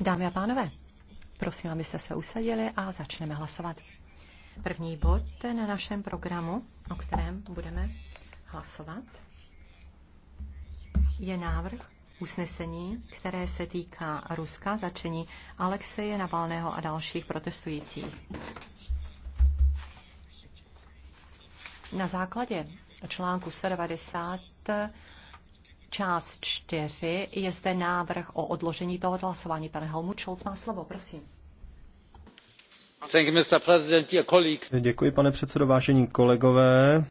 Dámy a pánové, prosím, abyste se usadili a začneme hlasovat. První bod na našem programu, o kterém budeme hlasovat, je návrh usnesení, které se týká Ruska, začení Alexeje Navalného a dalších protestujících. Na základě článku 190 část 4 je zde návrh o odložení tohoto hlasování. Pane Helmut Scholz má slovo, prosím. Děkuji, pane předsedo, vážení kolegové.